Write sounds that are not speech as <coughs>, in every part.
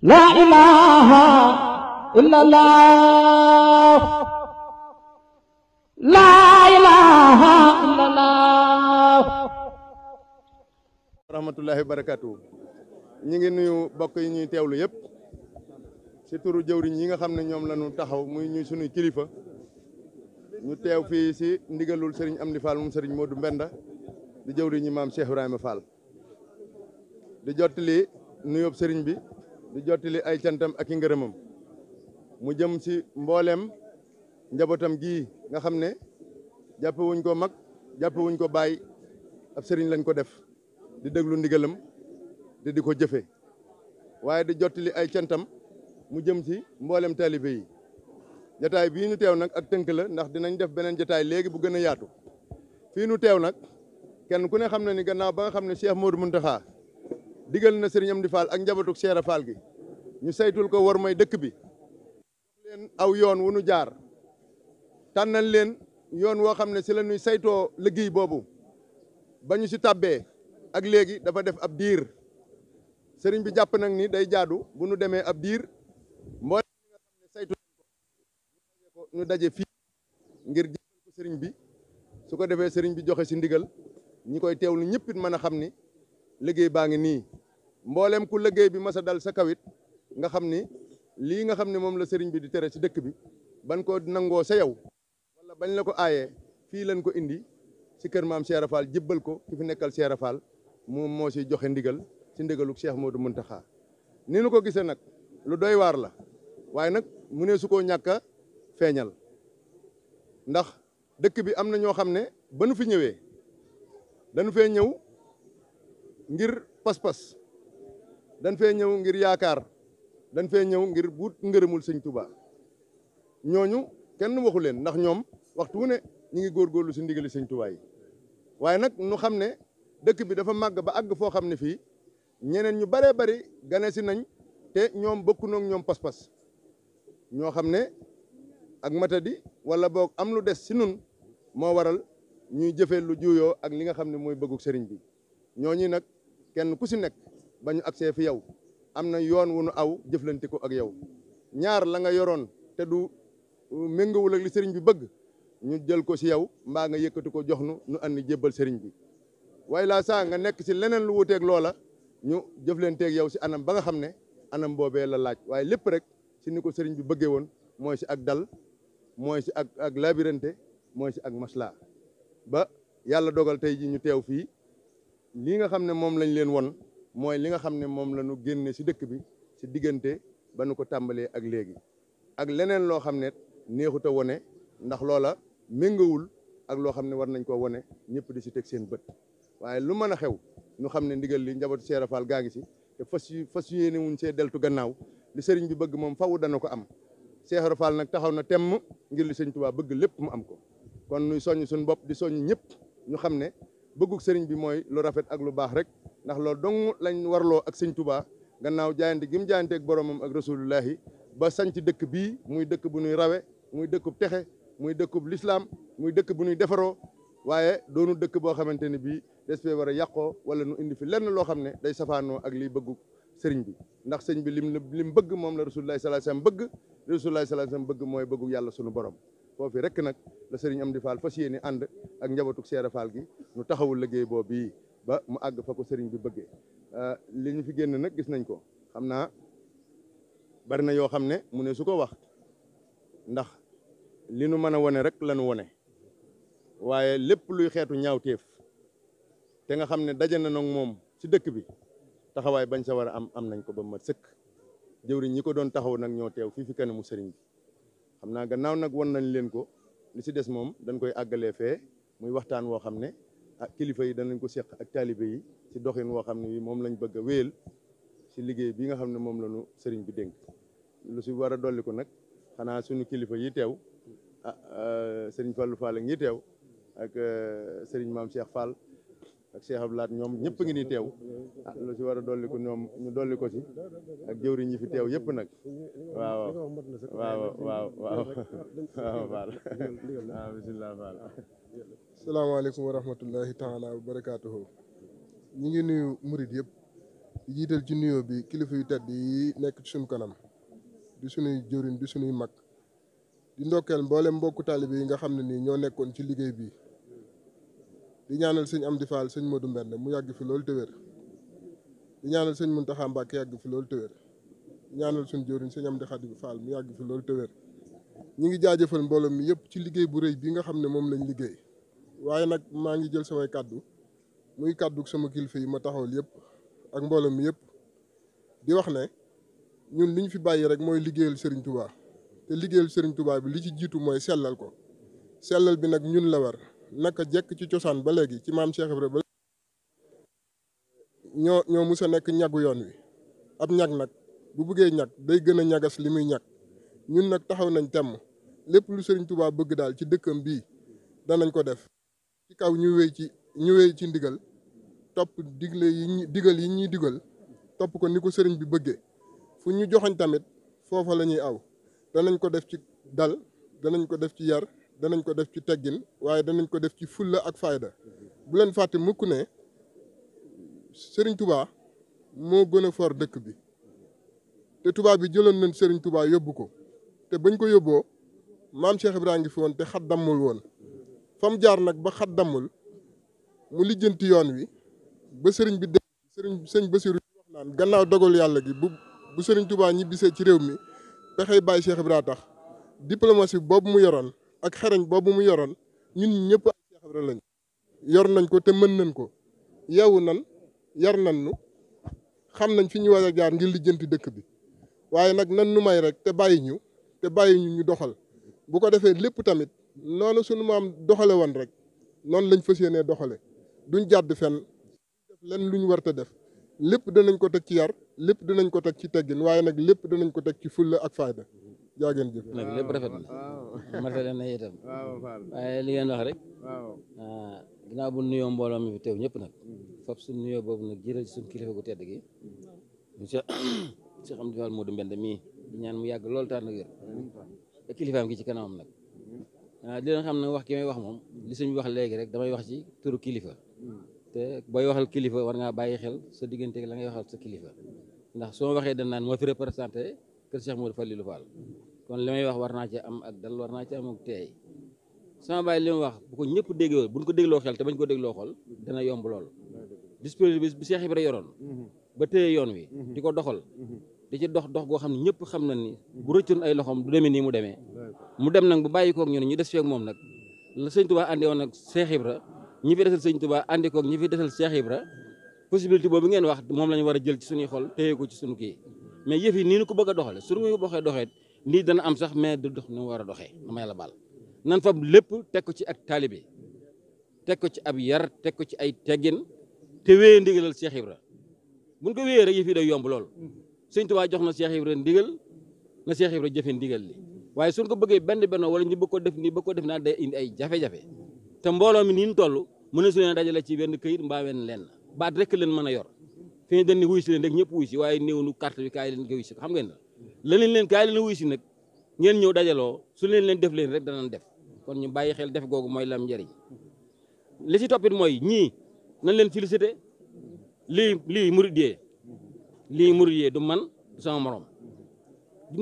la ilaha illallah la ilaha illallah rahmatullahi ñi ngi nuyu bokk yi ñuy teewlu yëpp ci turu jëwriñ yi nga xam ne ñoom la ñu taxaw muy ñuy sunuy kilifa ñu teew fii si ndigalul sëriñ Amdi Fall moom sëriñ Modou Mbenda di jëwriñu maam Cheikh Ibrahima Fall di jottali nuyoob sëriñ bi di jottali ay cantam ak i ngërëmam mu jëm si mbooleem njabootam gii nga xam ne jàppewuñ ko mag jàppewuñ ko baay ab sëriñ lañ ko def di déglu ndigalam te di ko jëfe waaye di jottali ay cantam mu jëm si mboolem taalibe yi jataay bii ñu teew nag ak tënk la ndax dinañ def beneen jataay léegi bu gën a yaatu fii nu teew nag kenn ku ne xam ne ni gannaaw ba nga xam ne Cheikh Modou Mountakha digal na Serigne Amdi Fall ak njabatuk Cheikh Fall gi ñu saytul ko war dekk bi len aw yoon wu nu jaar tanal len yoon wo xamne ci si la ñuy saytoo liggéey boobu ba ñu si ak léegi dafa def ab diir sëriñ bi japp nak ni day jaadu bu nu ab diir mo ñu daje fi ngir jëfal ko sëriñ bi su ko sëriñ bi joxe ci ndigal ñi koy teewlu ñëpp it xamni a baangi ni mboolem ku liggéey bi masa a dal sa kawit nga xam ni lii nga xam ne moom la sëriñ bi di tere si dëkk bi ban ko nangoo sa yow wala bañ la ko aaye fii lañ ko indi ci kër maam Cheikh Rafal jébbal ko ki fi nekkal Cheikh Rafal moom moo si joxe ndigal ci ndigalu Cheikh Modou Mountakha ni nu ko gisee nag lu doy waar la waaye nag mu ne su koo ñàkk feeñal ndax dëkk bi am na ñoo xam ne ba nu fi ñëwee danu fee ñëw ngir pas-pas dañ fe ñew ngir yaakar dañ fe ñew ngir bu ngeerumul seigne touba ñoñu kenn waxu len ndax ñom waxtu ne ñi ngi gorlu ci ndigali seigne touba yi waye nak nu xamne dekk bi dafa mag ba ag fo xamne fi ñeneen ñu bare bare gane nañ te ñom bokku nok ñom pas-pas ño xamne ak mata di wala bok am lu des sinun nun mo waral ñuy jëfël lu juuyo ak li nga xamne moy bëgguk sëriñ bi ñoñi nak kenn ku ci nek ba ñu agsee fi yow am na yoon wu nu aw jëflante ko ak yow ñaar la nga yoroon te du uh, méngawul ak li sëriñ bi bëgg ñu jël ko si yow mbaa nga yëkkati ko jox nu nu andi jébbal sëriñ bi waaye saa nga nekk si leneen lu wuuteeg loola ñu jëflanteeg yow si anam ba nga xam ne anam boobee la laaj waaye lépp rek si ni ko sëriñ bi bëggee woon mooy si ak dal mooy si ak ak labirante mooy si ak masla ba yàlla dogal tey ji ñu teew fii lii nga xam ne moom lañ leen won mooy li nga xam ne moom la ñu génne si dëkk bi si diggante ba nu ko tàmbalee ak léegi ak leneen loo xam ne neexut a wone ndax loola méngawul ak loo xam ne war nañ ko wone ñëpp di si teg seen bët waaye lu mën a xew ñu xam ne ndigal li njabootu Cheikh Rafal gaa ngi si te fas yu fas yéene wuñ see deltu gannaaw li sëriñ bi bëgg moom fawu dana ko am Cheikh Rafal nag taxaw na temm ngir li sëñ Tuubaa bëgg lépp mu am ko kon nuy soññ suñ bopp di soññ ñëpp ñu xam ne bëgguk sëriñ bi mooy lu rafet ak lu baax rek ndax loolu dong lañ warloo ak sëñ Touba gannaaw jaayante gi mu jaayante ak boromam ak rasulullahi ba sanc dëkk bii muy dëkk bu ñuy rawe muy dëkkub texe muy dëkkub lislaam muy dëkk bu ñuy defaroo waaye doonu dëkk boo xamante ne bii des fee war a yàqoo wala nu indi fi lenn loo xam ne day safaanoo ak liy bëggu sëriñ bi ndax sëñ bi lim lim bëgg moom la rasulullahi sallallahu alayhi wasallam bëgg rasulullahi sallallahu alayhi wasallam bëgg mooy bëggu yàlla sunu borom foofu rek nag la sëriñ Amdi Fall yéene ànd ak njabootu Seera Fall gi nu taxawul liggéey boobu ba mu àgg fa ko sëriñ bi bëggee euh, li ñu fi génn nag gis nañ ko xam naa bari na yoo xam ne mu ne su ko wax ndax li nu mën a wone rek lañu wone waaye lépp luy xeetu ñaawteef te nga xam ne daje na noog moom ci dëkk bi taxawaay bañ sa war a am am nañ ko ba mu mat sëkk jëwriñ ñi ko doon taxaw nag ñoo teew fii fi kanamu sëriñ bi xam naa gannaaw nag won nañ leen ko li si des moom dañ koy àggalee fee muy waxtaan woo xam ne ah kilifa yi danañ ko seq ak taalibe yi si doxin woo xam ne moom lañ bëgg a wéyal ci liggéey bi nga xam ne moom la ñu sëriñ bi dénk lu si war a dolli ko nag xanaa suñu kilifa yi teew ah, ah sëriñ Fallou Fall ak ñi teew ak euh, sëriñ maam Cheikh Fall. ak Cheikh Abdoulaye ñoom ñëpp ngi ni teew ah lu ci war a dolli ko ñoom ñu dolli ko ci ak jëwriñ ñi fi teew yëpp nag waaw waaw waaw waaw waaw bisimilah Fall salaamaaleykum wa rahmatullahi taala wa barakaatuhu ñu ngi nuyu murit yëpp di jiital ci nuyoo bi kilifa yu tedd yi nekk ci suñu kanam di suñuy jëwriñ di suñuy mag di ndokkeel mboolem mbokku taalibe yi nga xam ne nii ñoo nekkoon ci liggéey bi di ñaanal sëñ di Fall sëñ Modou Mbène mu yàgg fi loolu te wér di ñaanal sëñ Mountakha Mbacké yàgg fi loolu te di ñaanal suñ jëwriñ sëñ Amdi Khadi Fall mu yàgg fi loolu te ñu ngi jaajëfal mbooloo mi yëpp ci liggéey bu réy bi nga xam ne moom lañ liggéey waaye nag maa ngi jël samay kàddu muy kàddu sama kilifa yi ma taxawal yëpp ak mbooloom mi yëpp di wax ne ñun li ñu fi bàyyi rek mooy liggéeyal Serigne Touba te liggéeyal Serigne Touba bi li ci jiitu mooy sellal ko sellal bi nag ñun la war naka jekk ci cosaan ba léegi ci maam Cheikh Ibrahima ba ñoo ñoo mus nekk ñagu yoon wi ab ñag nag bu bëggee ñag day gën a ñagas li muy ñag ñun nag taxaw nañ temm lépp lu Sëriñ Tuubaa bëgg daal ci dëkkam bii danañ ko def ci kaw ñu wéy ci ñu wéy ci ndigal topp digle yi ñu yi ñuy digal topp ko ni ko sëriñ bi bëggee fu ñu joxañ tamit foofa la ñuy aw danañ ko def ci dal danañ ko def ci yar danañ ko def ci teggin waaye danañ ko def ci fulla ak fayda bu leen fàtte mukk ne sëriñ Touba moo gën a for dëkk bi te Touba bi jëloon nañ Serigne yóbbu ko te bañ ko yóbboo maam Cheikh Ibrahima ngi fi woon te xat dammul woon fam jaar nag ba xat dammul mu lijjanti yoon wi ba sëriñ bi dé sëriñ sëñ Basiru wax naan gannaaw dogal yàlla gi bu bu sëriñ tubaa ñibbisee ci réew mi pexey bàyyi Cheikh Ibrahima tax diplomatie boobu mu yoroon ak xereñ boobu mu yoroon ñu ñëpp ay Cheikh Ibra yor nañ ko te mën nañ ko yeewu nan yar nan nu xam nañ fi ñu war a jaar ngir lijjanti dëkk bi waaye nag nan nu may rek te bàyyi ñu te bàyyi ñu ñu doxal bu ko defee lépp tamit noonu suñu maam doxale woon rek noonu lañ fas yéenee doxale duñ jàdd fenn def len lu ñu war a def lépp danañ ko teg ci yar lépp danañ ko teg ci teggin waaye nag lépp danañ ko teg ci fulla ak fayda jaa ngeen jëf nag lépp rafet na ma matale na itam <laughs> waaye li ngeen wax rek ah, ginnaaw bu nuyoo mbooloo mi fi teew ñëpp nag fab suñ nuyoo boobu nag jëral ci suñ kilifa gu tedd gi monsieur <coughs> Cheikh Amdi Fall Modou Mbende mii ñaan mu yàgg loolu taal nag wér te ci kanamam nag ah, di leen xam ne wax ki may wax moom li suñ wax léegi rek damay wax ci turu kilifa te booy waxal kilifa war ngaa bàyyi xel sa diggante la ngay waxal sa kilifa ndax soo waxee dañ naan moo fi représenté kër Cheikh Modou Fallilou Fall kon li may wax war naa ci am ak dal war naa ci am ak teey sama bàyyi li mu wax bu ko ñëpp déggoo buñ ko dégloo xel te bañ ko dégloo xol dana yomb lool dispositif bi Cheikh yoroon ba téye yoon wi di ko doxal di ci dox dox goo xam ne ñëpp xam na ni bu rëccoon ay loxoom du demee nii mu demee mu dem nag bu bàyyi koog ñu ne ñu des feeg moom nag la sëñ Tuubaa àndi woon nag Cheikh Ibra ñi fi desal sëñ Tuubaa àndi koog ñi fi desal Cheikh Ibra possibilité boobu ngeen wax moom la ñu war a jël ci suñuy xol téye ko ci suñu kii mais yëf yi nii ñu ko ko doxee lii dana am sax mais du dox ni war a doxee dama yàlla baal nan fa lépp teg ko ci ak taalibe teg ko ci ab yar teg ko ci ay teggin te wéyee ndigalal Cheikh Ibra buñ ko wéyee rek yëf yi day yomb lool sëñ Tuubaa jox na Cheikh Ibra ndigal na Cheikh Ibra jëfe ndigal li waaye suñ ko bëggee benn benn wala ñu bëgg ko def nii bëgg ko def naa day indi ay jafe-jafe te mbooloo mi nii ñu toll mën na su leen dajale ci benn këyit mbaa wenn lenn baat rek leen mën a yor fi ñu dañ waaye néew nu carte bi kaay leen ko leneen leen kaay leen wuy si nag ngeen ñëw dajaloo su leen leen def leen rek danañ def kon ñu bàyyi xel def googu mooy lam njariñ li si toppit mooy ñii nañ leen félicité lii lii murid yee lii murid du man du sama morom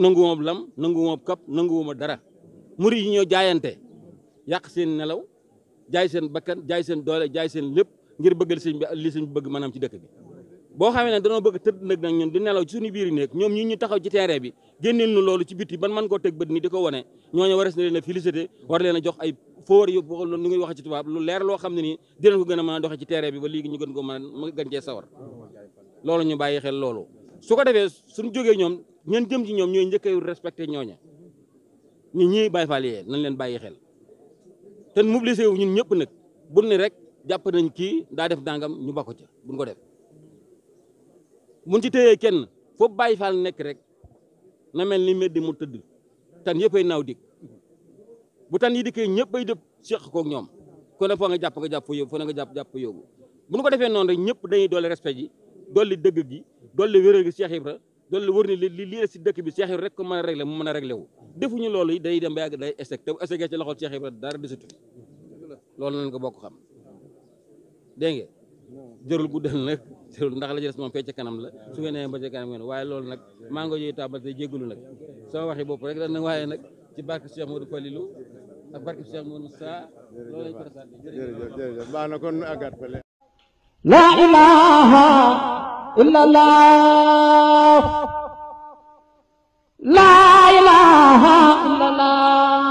nanguwuma lam nanguwuma kap nanguwuma dara murid yi ñoo jaayante yàq seen nelaw jaay seen bakkan jaay seen doole jaay seen lépp ngir bëggal sëñ bi li sëñ bi bëgg maanaam ci dëkk bi boo xamee ne danoo bëgg tëdd nag nag ñun di nelaw ci suñu biir néeg ñoom ñi ñu taxaw ci terrain bi génneel nu loolu ci biti ban man koo teg bët ni di ko wane ñooñu wares na leen a félicité war leen a jox ay fóor yu lu ngi loo a mën a doxee ci terrain bi ko mën a gën cee loolu ñu bàyyi xel loolu su ko defee suñu jógee ñoom ñen jëm ci ñoom ñooy njëkkee respecté ñooña ñu ñii bàyyi faal yee nañ leen bàyyi xel te mobilisé wu ñun ñëpp nag buñ ni rek jàpp nañ kii daa def dàngam ñu bakko bu buñ ko def mun ci téyee kenn foofu bàyyi faal nekk rek na mel ni meddi mu tëdd tan yëppay naaw dikk bu tan yi dikkee ñëppay dëpp seq koog ñoom kon nag foo nga jàpp nga jàpp foo nga jàpp jàpp fa bu ñu ko defee noonu rek ñëpp dañuy dolli respect dool dolli dëgg gi dool dolli wéral gi Cheikh Ibra dolli wër ni li lii si dëkk bi Cheikh Ibra rek ko mën a réglé mu mën a réglé wu defuñu loolu yi day dem ba yàgg day échec te bu échec ci loxol Cheikh Ibra dara desatu loolu nañ ko bokk xam nga jërul guddal nag jërul ndax la ci des moom fecc kanam la su ngeen ba ca kanam waaye loolu nag maa ngi koy tàmbal te jégalu nag sama waxi bopp rek nag waaye nag ci barke Cheikh Modou Falilou ak barke Cheikh Modou Moussa na kon àggat fële la la ilaha illallah